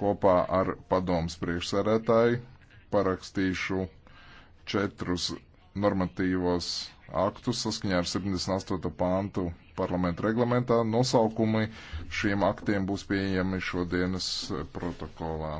kopā ar padomus priekšsēdētāju parakstīšu četrus normatīvos aktus saskaņā ar 78. pāntu parlamentu reglamentā. Nosaukumi šiem aktiem būs pieejami šodienas protokolā.